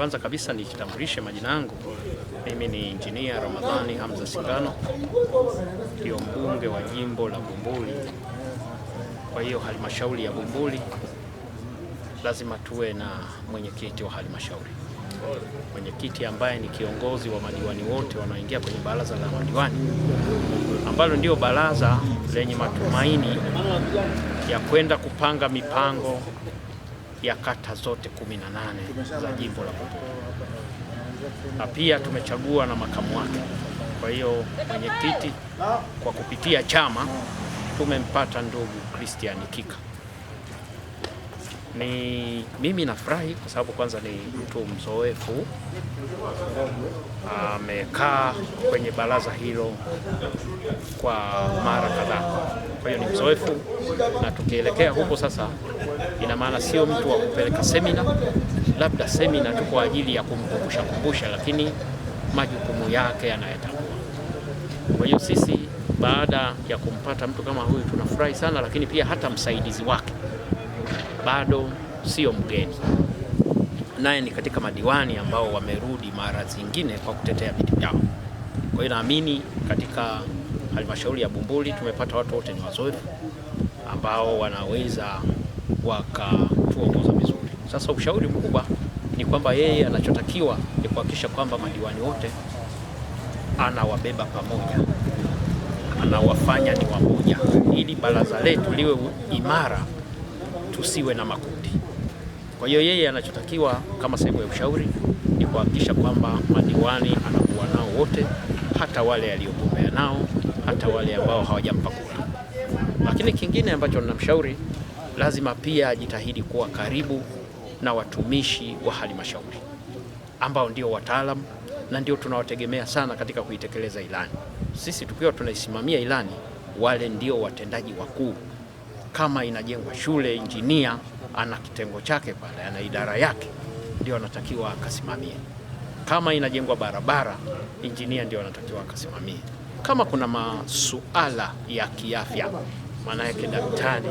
Kwanza kabisa nijitambulishe majina yangu. Mimi ni Injinia Ramadhani Hamza Singano, ndio mbunge wa jimbo la Bumbuli. Kwa hiyo halmashauri ya Bumbuli lazima tuwe na mwenyekiti wa halmashauri, mwenyekiti ambaye ni kiongozi wa madiwani wote wanaoingia kwenye baraza la madiwani, ambalo ndio baraza lenye matumaini ya kwenda kupanga mipango ya kata zote 18 za jimbo la Bukoba na pia tumechagua na makamu wake. Kwa hiyo mwenyekiti kwa kupitia chama tumempata ndugu Christian Kika. Ni mimi nafurahi kwa sababu kwanza ni mtu mzoefu, amekaa kwenye baraza hilo kwa mara kadhaa, kwa hiyo ni mzoefu, na tukielekea huko sasa Ina maana sio mtu wa kupeleka semina, labda semina tu kwa ajili ya kumkumbusha kumbusha, lakini majukumu yake yanayotambua. Kwa hiyo sisi baada ya kumpata mtu kama huyu tunafurahi sana, lakini pia hata msaidizi wake bado sio mgeni, naye ni katika madiwani ambao wamerudi mara zingine kwa kutetea viti vyao. Kwa hiyo naamini katika halmashauri ya Bumbuli tumepata watu wote ni wazoefu ambao wanaweza wakatuongoza vizuri. Sasa ushauri mkubwa ni kwamba yeye anachotakiwa ni kuhakikisha kwamba madiwani wote anawabeba pamoja, anawafanya ni wamoja, ili baraza letu liwe imara, tusiwe na makundi. Kwa hiyo yeye anachotakiwa kama sehemu ya ushauri ni kuhakikisha kwamba madiwani anakuwa nao wote, hata wale aliyogombea nao, hata wale ambao hawajampa kura. Lakini kingine ambacho ninamshauri lazima pia ajitahidi kuwa karibu na watumishi wa halmashauri ambao ndio wataalamu na ndio tunawategemea sana katika kuitekeleza ilani. Sisi tukiwa tunaisimamia ilani, wale ndio watendaji wakuu. Kama inajengwa shule, injinia ana kitengo chake pale, ana idara yake, ndio anatakiwa akasimamie. Kama inajengwa barabara, injinia ndio anatakiwa akasimamie. Kama kuna masuala ya kiafya maana yake daktari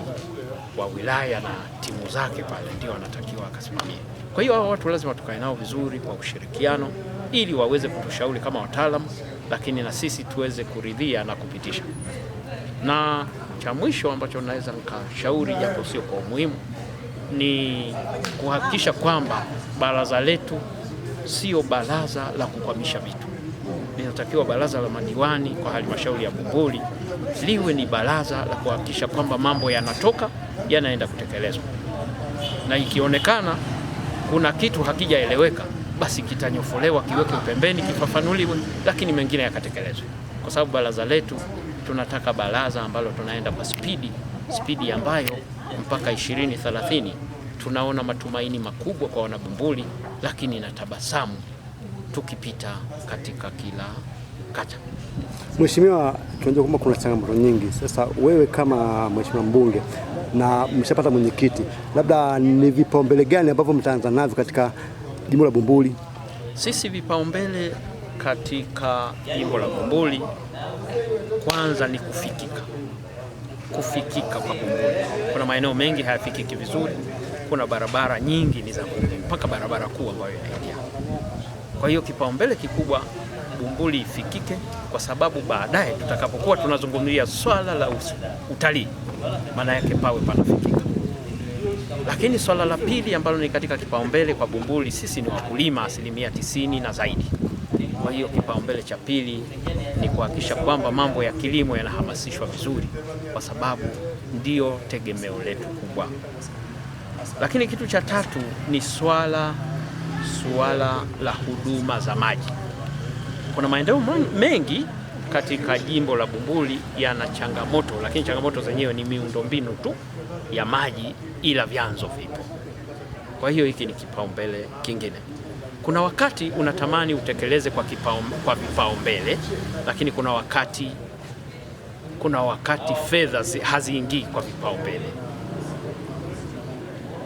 wa wilaya na timu zake pale ndio wanatakiwa akasimamia. Kwa hiyo hao watu lazima tukae nao vizuri kwa ushirikiano, ili waweze kutushauri kama wataalamu, lakini na sisi tuweze kuridhia na kupitisha. Na cha mwisho ambacho naweza nikashauri, japo sio kwa umuhimu, ni kuhakikisha kwamba baraza letu sio baraza la kukwamisha vitu linatakiwa baraza la madiwani kwa halmashauri ya Bumbuli liwe ni baraza la kuhakikisha kwamba mambo yanatoka yanaenda kutekelezwa, na ikionekana kuna kitu hakijaeleweka basi kitanyofolewa, kiweke pembeni, kifafanuliwe, lakini mengine yakatekelezwe, kwa sababu baraza letu tunataka baraza ambalo tunaenda kwa spidi, spidi ambayo mpaka 2030 tunaona matumaini makubwa kwa wanabumbuli, lakini na tabasamu tukipita katika kila kata. Mheshimiwa, tunajua kwamba kuna changamoto nyingi. Sasa wewe kama mheshimiwa mbunge na mshapata mwenyekiti, labda ni vipaumbele gani ambavyo mtaanza navyo katika jimbo la Bumbuli? Sisi vipaumbele katika jimbo la Bumbuli kwanza ni kufikika, kufikika kwa Bumbuli. Kuna maeneo mengi hayafikiki vizuri, kuna barabara nyingi ni za mpaka barabara kuu ambayo inaingia kwa hiyo kipaumbele kikubwa Bumbuli ifikike, kwa sababu baadaye tutakapokuwa tunazungumzia swala la utalii, maana yake pawe panafikika. Lakini swala la pili ambalo ni katika kipaumbele kwa Bumbuli, sisi ni wakulima asilimia tisini na zaidi. Kwa hiyo kipaumbele cha pili ni kuhakikisha kwamba mambo ya kilimo yanahamasishwa vizuri, kwa sababu ndio tegemeo letu kubwa. Lakini kitu cha tatu ni swala suala la huduma za maji. Kuna maendeleo mengi katika jimbo la Bumbuli yana changamoto, lakini changamoto zenyewe ni miundombinu tu ya maji, ila vyanzo vipo. Kwa hiyo hiki ni kipaumbele kingine. Kuna wakati unatamani utekeleze kwa kipao, kwa vipaumbele, lakini kuna wakati kuna wakati fedha haziingii kwa vipaumbele.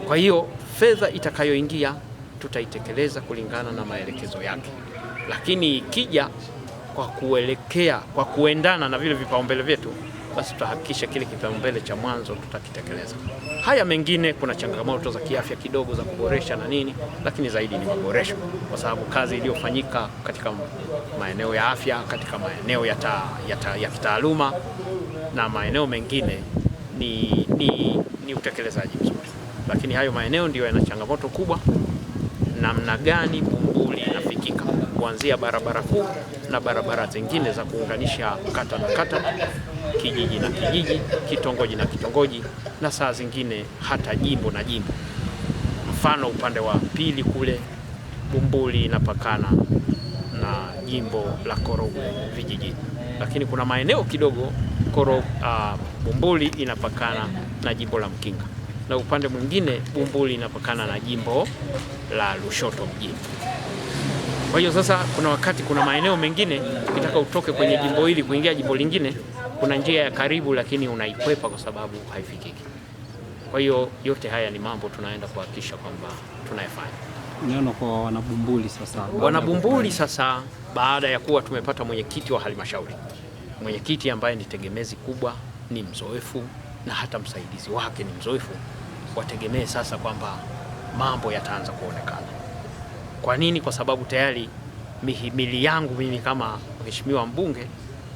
Kwa hiyo fedha itakayoingia tutaitekeleza kulingana na maelekezo yake, lakini ikija kwa kuelekea kwa kuendana na vile vipaumbele vyetu, basi tutahakikisha kile kipaumbele cha mwanzo tutakitekeleza. Haya mengine, kuna changamoto za kiafya kidogo za kuboresha na nini, lakini zaidi ni maboresho, kwa sababu kazi iliyofanyika katika maeneo ya afya, katika maeneo ya, ta, ya, ta, ya kitaaluma na maeneo mengine ni, ni, ni utekelezaji mzuri, lakini hayo maeneo ndiyo yana changamoto kubwa namna gani Bumbuli inafikika kuanzia barabara kuu na barabara zingine za kuunganisha kata na kata, kijiji na kijiji, kitongoji na kitongoji, na saa zingine hata jimbo na jimbo. Mfano, upande wa pili kule Bumbuli inapakana na jimbo la Korogwe vijijini, lakini kuna maeneo kidogo Koro, uh, ah, Bumbuli inapakana na jimbo la Mkinga na upande mwingine Bumbuli inapakana na jimbo la Lushoto mjini. Kwa hiyo sasa, kuna wakati kuna maeneo mengine ukitaka utoke kwenye jimbo hili kuingia jimbo lingine, kuna njia ya karibu, lakini unaikwepa kwa sababu haifikiki. Kwa hiyo yote haya ni mambo tunaenda kuhakikisha kwamba tunayafanya. Neno kwa wanabumbuli sasa, wanabumbuli sasa, baada ya kuwa tumepata mwenyekiti wa halmashauri, mwenyekiti ambaye ni tegemezi kubwa, ni mzoefu na hata msaidizi wake ni mzoefu, wategemee sasa kwamba mambo yataanza kuonekana. Kwa nini? Kwa sababu tayari mihimili yangu mimi kama mheshimiwa mbunge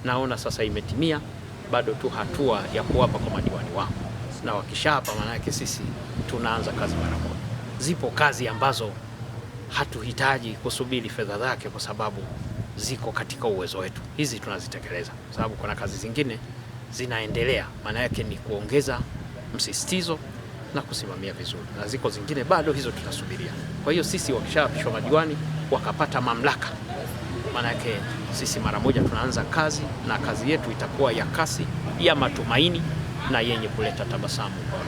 naona sasa imetimia, bado tu hatua ya kuwapa kwa madiwani wangu, na wakishapa, maana yake sisi tunaanza kazi mara moja. Zipo kazi ambazo hatuhitaji kusubiri fedha zake kwa sababu ziko katika uwezo wetu, hizi tunazitekeleza, kwa sababu kuna kazi zingine zinaendelea, maana yake ni kuongeza msisitizo na kusimamia vizuri, na ziko zingine bado hizo tunasubiria. Kwa hiyo sisi wakishaapishwa madiwani wakapata mamlaka, maana yake sisi mara moja tunaanza kazi, na kazi yetu itakuwa ya kasi, ya matumaini na yenye kuleta tabasamu kwa